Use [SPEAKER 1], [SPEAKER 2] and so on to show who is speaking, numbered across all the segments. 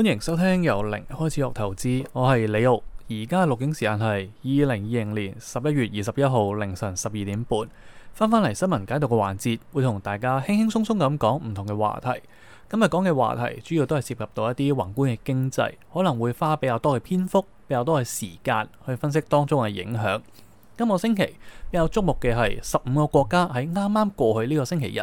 [SPEAKER 1] 歡迎收聽由零開始學投資，我係李奧，而家嘅錄影時間係二零二零年十一月二十一號凌晨十二點半，返返嚟新聞解讀嘅環節，會同大家輕輕鬆鬆咁講唔同嘅話題。今日講嘅話題主要都係涉及到一啲宏觀嘅經濟，可能會花比較多嘅篇幅，比較多嘅時間去分析當中嘅影響。今個星期比較矚目嘅係十五個國家喺啱啱過去呢個星期日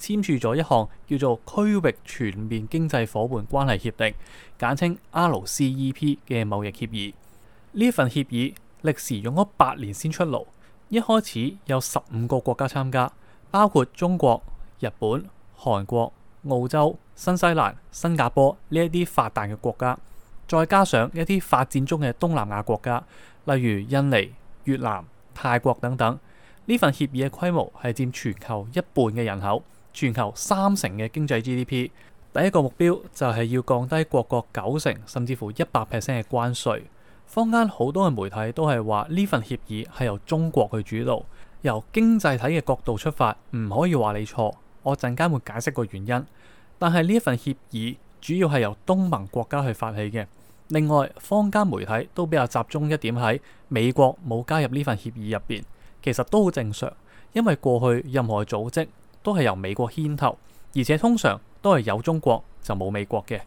[SPEAKER 1] 簽署咗一項叫做區域全面經濟伙伴關係協定，簡稱 RCEP 嘅貿易協議。呢份協議歷時用咗八年先出爐，一開始有十五個國家參加，包括中國、日本、韓國、澳洲、新西蘭、新加坡呢一啲發達嘅國家，再加上一啲發展中嘅東南亞國家，例如印尼、越南。泰國等等，呢份協議嘅規模係佔全球一半嘅人口，全球三成嘅經濟 GDP。第一個目標就係要降低各國九成甚至乎一百 percent 嘅關稅。坊間好多嘅媒體都係話呢份協議係由中國去主導，由經濟體嘅角度出發，唔可以話你錯。我陣間會解釋個原因，但係呢份協議主要係由東盟國家去發起嘅。另外，坊間媒體都比較集中一點喺美國冇加入呢份協議入邊，其實都好正常，因為過去任何組織都係由美國牽頭，而且通常都係有中國就冇美國嘅。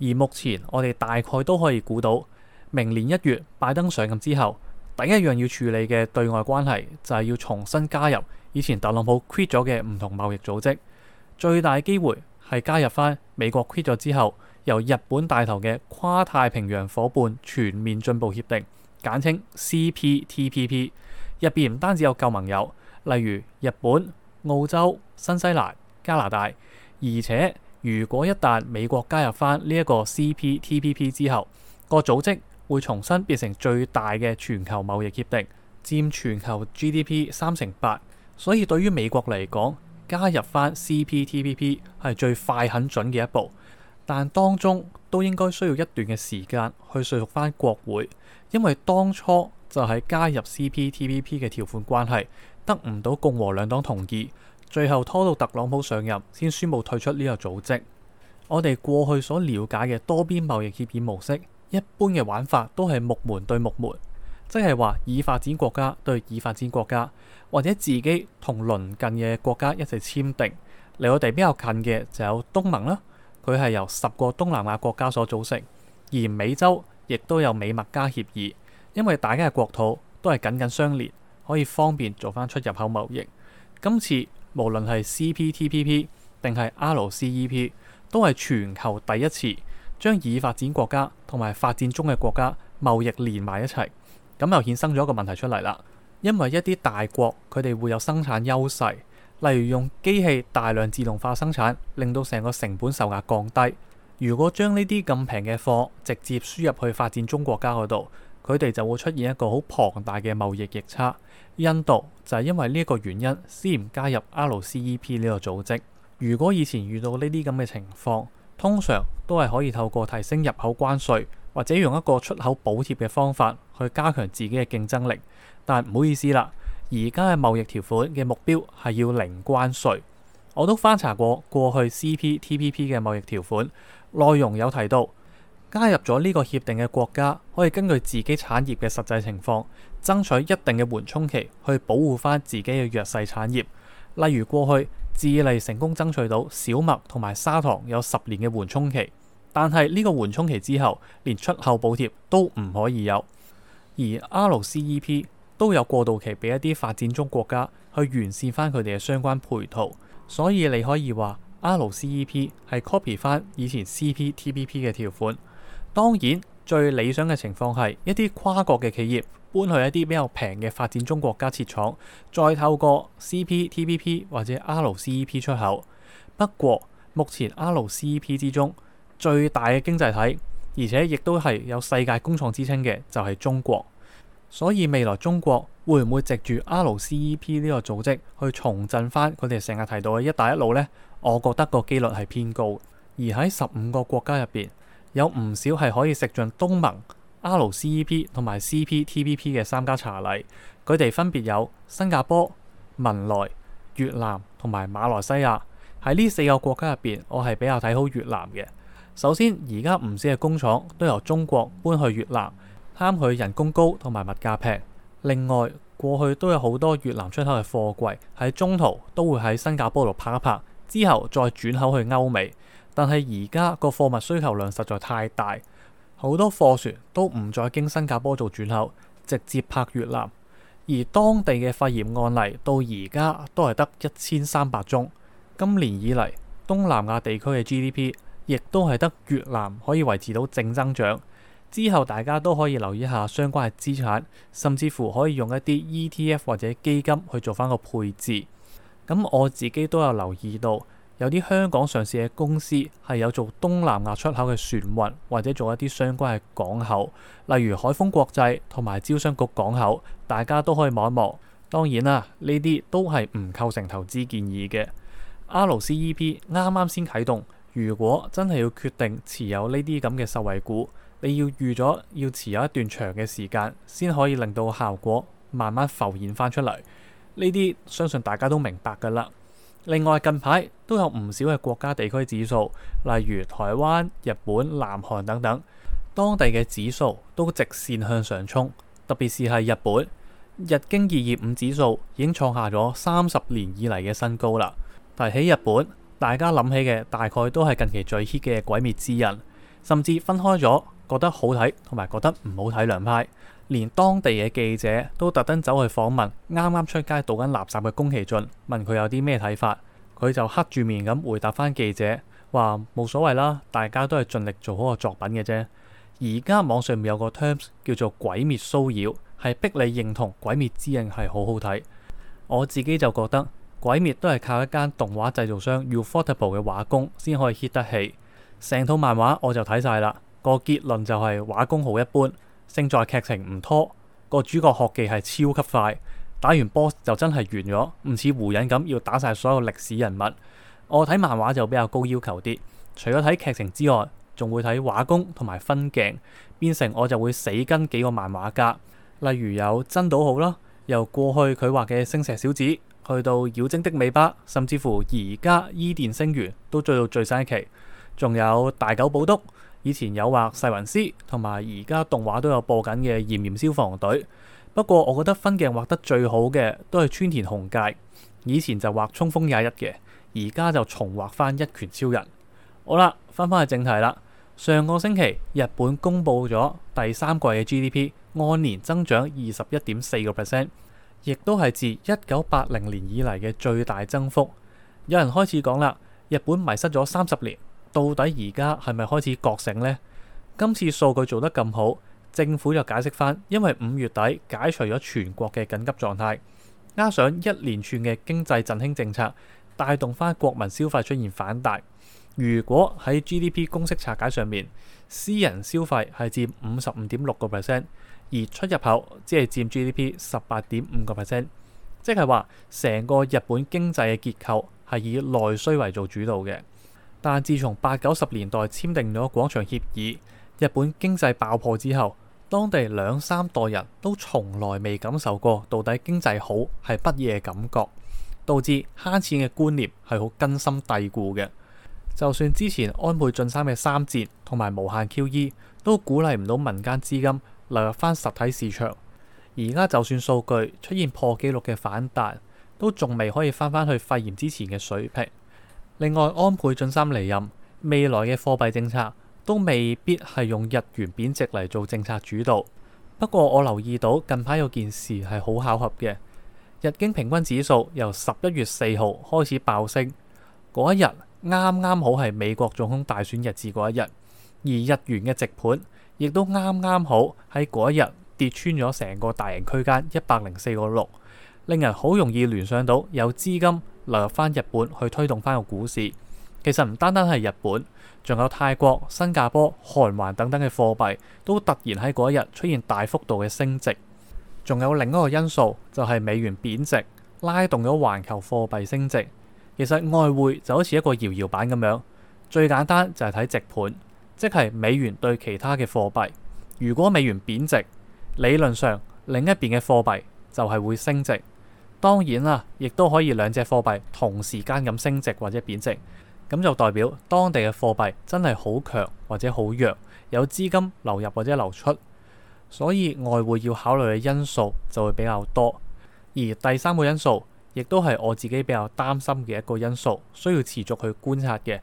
[SPEAKER 1] 而目前我哋大概都可以估到，明年一月拜登上任之後，第一樣要處理嘅對外關係就係要重新加入以前特朗普 quit 咗嘅唔同貿易組織，最大機會係加入翻美國 quit 咗之後。由日本帶頭嘅跨太平洋伙伴全面進步協定，簡稱 CPTPP，入邊唔單止有舊盟友，例如日本、澳洲、新西蘭、加拿大，而且如果一旦美國加入翻呢一個 CPTPP 之後，個組織會重新變成最大嘅全球貿易協定，佔全球 GDP 三成八，所以對於美國嚟講，加入翻 CPTPP 係最快很準嘅一步。但當中都應該需要一段嘅時間去說服翻國會，因為當初就係加入 CPTPP 嘅條款關係得唔到共和兩黨同意，最後拖到特朗普上任先宣佈退出呢個組織。我哋過去所了解嘅多邊貿易協議模式，一般嘅玩法都係木門對木門，即係話已發展國家對已發展國家，或者自己同鄰近嘅國家一齊簽訂嚟。離我哋比較近嘅就有東盟啦。佢係由十個東南亞國家所組成，而美洲亦都有美墨加協議，因為大家嘅國土都係緊緊相連，可以方便做翻出入口貿易。今次無論係 CPTPP 定係 RCEP，都係全球第一次將已發展國家同埋發展中嘅國家貿易連埋一齊，咁又衍生咗一個問題出嚟啦。因為一啲大國佢哋會有生產優勢。例如用機器大量自動化生產，令到成個成本售價降低。如果將呢啲咁平嘅貨直接輸入去發展中國家嗰度，佢哋就會出現一個好龐大嘅貿易逆差。印度就係因為呢一個原因先唔加入 RCEP 呢個組織。如果以前遇到呢啲咁嘅情況，通常都係可以透過提升入口關稅，或者用一個出口補貼嘅方法去加強自己嘅競爭力。但唔好意思啦。而家嘅貿易條款嘅目標係要零關稅。我都翻查過過去 CPTPP 嘅貿易條款，內容有提到加入咗呢個協定嘅國家可以根據自己產業嘅實際情況爭取一定嘅緩衝期去保護翻自己嘅弱勢產業。例如過去智利成功爭取到小麥同埋砂糖有十年嘅緩衝期，但係呢個緩衝期之後連出口補貼都唔可以有。而 RCEP 都有過渡期，俾一啲發展中國家去完善翻佢哋嘅相關配套，所以你可以話 RCEP 係 copy 翻以前 CPTPP 嘅條款。當然，最理想嘅情況係一啲跨國嘅企業搬去一啲比較平嘅發展中國家設廠，再透過 CPTPP 或者 RCEP 出口。不過，目前 RCEP 之中最大嘅經濟體，而且亦都係有世界工廠之稱嘅，就係中國。所以未來中國會唔會藉住 RCEP 呢個組織去重振翻佢哋成日提到嘅一帶一路呢？我覺得個機率係偏高。而喺十五個國家入邊，有唔少係可以食盡東盟、RCEP 同埋 CPTPP 嘅三家茶禮。佢哋分別有新加坡、文萊、越南同埋馬來西亞。喺呢四個國家入邊，我係比較睇好越南嘅。首先，而家唔少嘅工廠都由中國搬去越南。貪佢人工高同埋物價平，另外過去都有好多越南出口嘅貨櫃喺中途都會喺新加坡度拍一拍，之後再轉口去歐美。但係而家個貨物需求量實在太大，好多貨船都唔再經新加坡做轉口，直接拍越南。而當地嘅肺炎案例到而家都係得一千三百宗。今年以嚟東南亞地區嘅 GDP，亦都係得越南可以維持到正增長。之後，大家都可以留意下相關嘅資產，甚至乎可以用一啲 ETF 或者基金去做翻個配置。咁我自己都有留意到，有啲香港上市嘅公司係有做東南亞出口嘅船運，或者做一啲相關嘅港口，例如海豐國際同埋招商局港口。大家都可以望一望。當然啦，呢啲都係唔構成投資建議嘅。RCEP 啱啱先啟動，如果真係要決定持有呢啲咁嘅受惠股，你要預咗要持有一段長嘅時間，先可以令到效果慢慢浮現翻出嚟。呢啲相信大家都明白㗎啦。另外近排都有唔少嘅國家地區指數，例如台灣、日本、南韓等等，當地嘅指數都直線向上衝。特別是係日本，日經二二五指數已經創下咗三十年以嚟嘅新高啦。提起日本，大家諗起嘅大概都係近期最 hit 嘅《鬼滅之刃》，甚至分開咗，覺得好睇，同埋覺得唔好睇，兩派連當地嘅記者都特登走去訪問啱啱出街倒緊垃圾嘅宮崎駿，問佢有啲咩睇法，佢就黑住面咁回答翻記者話冇所謂啦，大家都係盡力做好個作品嘅啫。而家網上面有個 terms 叫做鬼滅騷擾，係逼你認同《鬼滅之刃》係好好睇。我自己就覺得《鬼滅》都係靠一間動畫製造商 Ufotable 嘅畫工先可以 hit 得起。成套漫畫我就睇晒啦。個結論就係畫工好一般，勝在劇情唔拖。個主角學技係超級快，打完波就真係完咗，唔似胡人咁要打晒所有歷史人物。我睇漫畫就比較高要求啲，除咗睇劇情之外，仲會睇畫工同埋分鏡，變成我就會死跟幾個漫畫家，例如有真島浩啦，由過去佢畫嘅《星石小子》去到《妖精的尾巴》，甚至乎而家《伊甸星原》都追到最新一期，仲有大久保篤。以前有畫噬魂師，同埋而家動畫都有播緊嘅《炎炎消防隊》，不過我覺得分鏡畫得最好嘅都係村田雄介，以前就畫衝鋒廿一嘅，而家就重畫翻一拳超人。好啦，翻翻去正題啦。上個星期日本公布咗第三季嘅 GDP，按年增長二十一點四個 percent，亦都係自一九八零年以嚟嘅最大增幅。有人開始講啦，日本迷失咗三十年。到底而家係咪開始覺醒呢？今次數據做得咁好，政府就解釋翻，因為五月底解除咗全國嘅緊急狀態，加上一連串嘅經濟振興政策，帶動翻國民消費出現反彈。如果喺 GDP 公式拆解上面，私人消費係佔五十五點六個 percent，而出入口只係佔 GDP 十八點五個 percent，即係話成個日本經濟嘅結構係以內需為做主導嘅。但自從八九十年代簽訂咗《廣場協議》，日本經濟爆破之後，當地兩三代人都從來未感受過到底經濟好係乜嘢感覺，導致慳錢嘅觀念係好根深蒂固嘅。就算之前安倍晉三嘅三折同埋無限 QE 都鼓勵唔到民間資金流入翻實體市場，而家就算數據出現破紀錄嘅反彈，都仲未可以翻返去肺炎之前嘅水平。另外，安倍晉三離任，未來嘅貨幣政策都未必係用日元貶值嚟做政策主導。不過，我留意到近排有件事係好巧合嘅，日經平均指數由十一月四號開始爆升，嗰一日啱啱好係美國總統大選日子嗰一日，而日元嘅直盤亦都啱啱好喺嗰一日跌穿咗成個大型區間一百零四個六，令人好容易聯想到有資金流入翻日本去推動翻個股市，其實唔單單係日本，仲有泰國、新加坡、韓圜等等嘅貨幣都突然喺嗰一日出現大幅度嘅升值。仲有另一個因素就係、是、美元貶值，拉動咗環球貨幣升值。其實外匯就好似一個搖搖板咁樣，最簡單就係睇直盤，即係美元對其他嘅貨幣。如果美元貶值，理論上另一邊嘅貨幣就係會升值。當然啦，亦都可以兩隻貨幣同時間咁升值或者貶值，咁就代表當地嘅貨幣真係好強或者好弱，有資金流入或者流出，所以外匯要考慮嘅因素就會比較多。而第三個因素，亦都係我自己比較擔心嘅一個因素，需要持續去觀察嘅。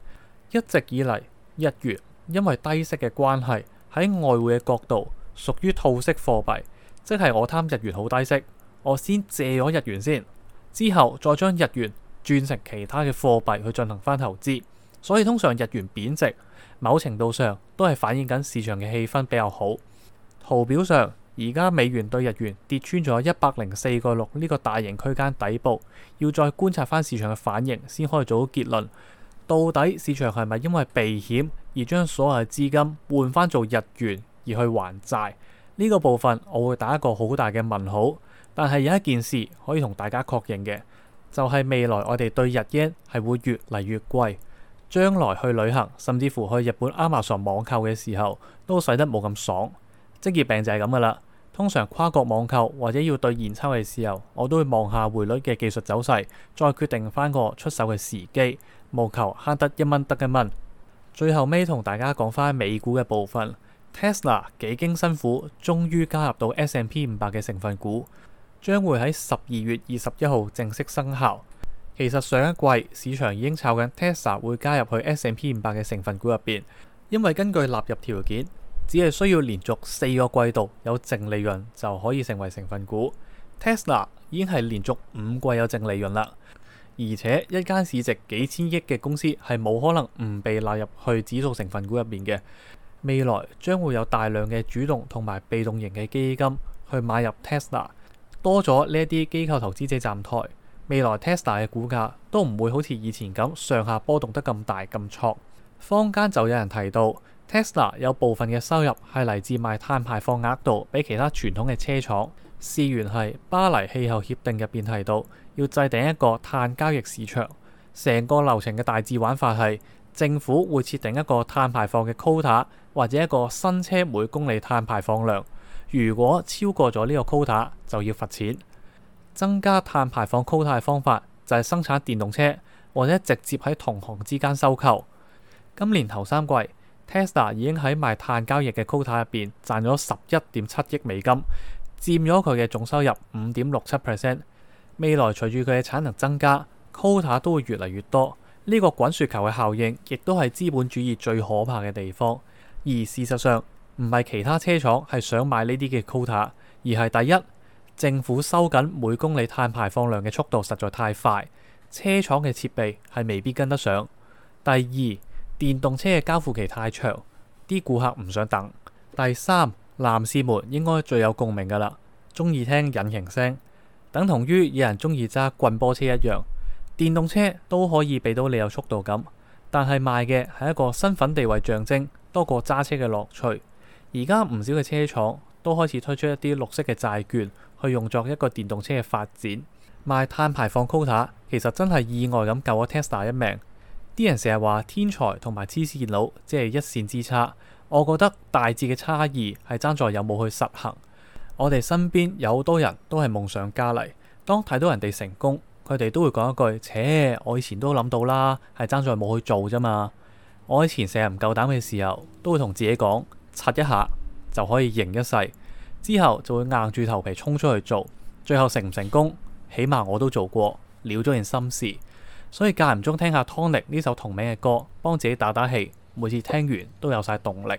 [SPEAKER 1] 一直以嚟，日元因為低息嘅關係，喺外匯嘅角度屬於套息貨幣，即係我貪日元好低息。我先借咗日元先，之後再將日元轉成其他嘅貨幣去進行翻投資。所以通常日元貶值，某程度上都係反映緊市場嘅氣氛比較好。圖表上，而家美元對日元跌穿咗一百零四個六呢個大型區間底部，要再觀察翻市場嘅反應先可以做到結論。到底市場係咪因為避險而將所有資金換翻做日元而去還債？呢個部分我會打一個好大嘅問號。但係有一件事可以同大家確認嘅，就係、是、未來我哋對日圓係會越嚟越貴。將來去旅行，甚至乎去日本 Amazon 網購嘅時候，都使得冇咁爽。職業病就係咁噶啦。通常跨國網購或者要對現鈔嘅時候，我都會望下匯率嘅技術走勢，再決定翻個出手嘅時機，務求慳得一蚊得一蚊。最後尾同大家講翻美股嘅部分，Tesla 幾經辛苦，終於加入到 S and P 五百嘅成分股。將會喺十二月二十一號正式生效。其實上一季市場已經炒緊 Tesla 會加入去 S&P 五百嘅成分股入邊，因為根據納入條件，只係需要連續四個季度有淨利潤就可以成為成分股。Tesla 已經係連續五季有淨利潤啦，而且一間市值幾千億嘅公司係冇可能唔被納入去指數成分股入邊嘅。未來將會有大量嘅主動同埋被動型嘅基金去買入 Tesla。多咗呢啲機構投資者站台，未來 Tesla 嘅股價都唔會好似以前咁上下波動得咁大咁挫。坊間就有人提到，Tesla 有部分嘅收入係嚟自賣碳排放額度，俾其他傳統嘅車廠。事源係巴黎氣候協定入邊提到，要制定一個碳交易市場。成個流程嘅大致玩法係，政府會設定一個碳排放嘅 quota，或者一個新車每公里碳排放量。如果超過咗呢個 quota 就要罰錢。增加碳排放 quota 嘅方法就係生產電動車，或者直接喺同行之間收購。今年頭三季，Tesla 已經喺賣碳交易嘅 quota 入邊賺咗十一點七億美金，佔咗佢嘅總收入五點六七 percent。未來隨住佢嘅產能增加，quota 都會越嚟越多。呢個滾雪球嘅效應，亦都係資本主義最可怕嘅地方。而事實上，唔係其他車廠係想買呢啲嘅 quota，而係第一，政府收緊每公里碳排放量嘅速度實在太快，車廠嘅設備係未必跟得上。第二，電動車嘅交付期太長，啲顧客唔想等。第三，男士們應該最有共鳴噶啦，中意聽引擎聲，等同於有人中意揸棍波車一樣，電動車都可以俾到你有速度感，但係賣嘅係一個身份地位象徵，多過揸車嘅樂趣。而家唔少嘅車廠都開始推出一啲綠色嘅債券，去用作一個電動車嘅發展。賣碳排放 quota 其實真係意外咁救咗 Tesla 一命。啲人成日話天才同埋黐線佬即係一線之差，我覺得大致嘅差異係爭在有冇去實行。我哋身邊有好多人都係夢想家嚟，當睇到人哋成功，佢哋都會講一句：「切，我以前都諗到啦，係爭在冇去做啫嘛。我以前成日唔夠膽嘅時候，都會同自己講。刷一下就可以贏一世，之後就會硬住頭皮衝出去做，最後成唔成功，起碼我都做過，了咗件心事。所以間唔中聽下 Tony 呢首同名嘅歌，幫自己打打氣。每次聽完都有晒動力。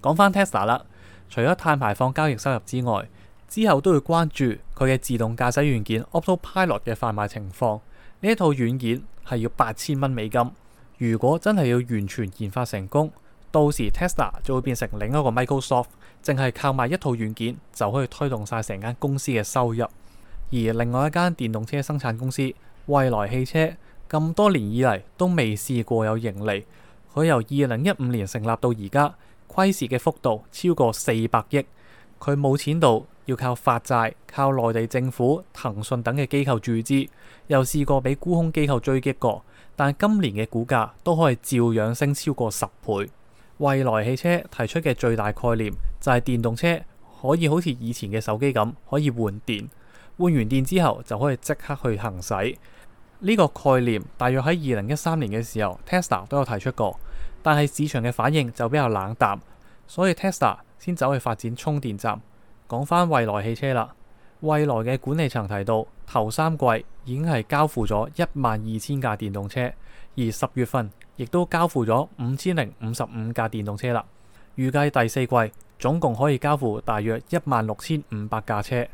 [SPEAKER 1] 講返 Tesla 啦，除咗碳排放交易收入之外，之後都會關注佢嘅自動駕駛軟件 Autopilot 嘅販賣情況。呢一套軟件係要八千蚊美金，如果真係要完全研發成功，到時 Tesla 就會變成另一個 Microsoft，淨係靠賣一套軟件就可以推動晒成間公司嘅收入。而另外一間電動車生產公司蔚來汽車咁多年以嚟都未試過有盈利。佢由二零一五年成立到而家虧蝕嘅幅度超過四百億，佢冇錢度要靠發債、靠內地政府、騰訊等嘅機構注資。又試過俾沽空機構追擊過，但今年嘅股價都可以照樣升超過十倍。蔚來汽車提出嘅最大概念就係電動車可以好似以前嘅手機咁，可以換電，換完電之後就可以即刻去行駛。呢個概念大約喺二零一三年嘅時候，Tesla 都有提出過，但係市場嘅反應就比較冷淡，所以 Tesla 先走去發展充電站。講翻蔚來汽車啦，蔚來嘅管理層提到，頭三季已經係交付咗一萬二千架電動車，而十月份。亦都交付咗五千零五十五架電動車啦。預計第四季總共可以交付大約一萬六千五百架車。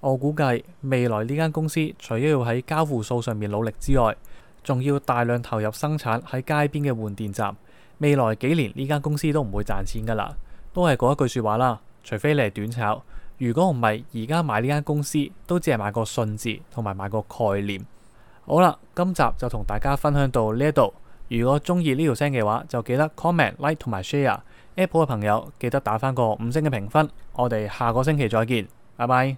[SPEAKER 1] 我估計未來呢間公司除咗要喺交付數上面努力之外，仲要大量投入生產喺街邊嘅換電站。未來幾年呢間公司都唔會賺錢噶啦，都係嗰一句說話啦。除非你係短炒，如果唔係而家買呢間公司都只係買個信字同埋買個概念。好啦，今集就同大家分享到呢一度。如果中意呢條聲嘅話，就記得 comment、like 同埋 share。Apple 嘅朋友記得打返個五星嘅評分。我哋下個星期再見，拜拜。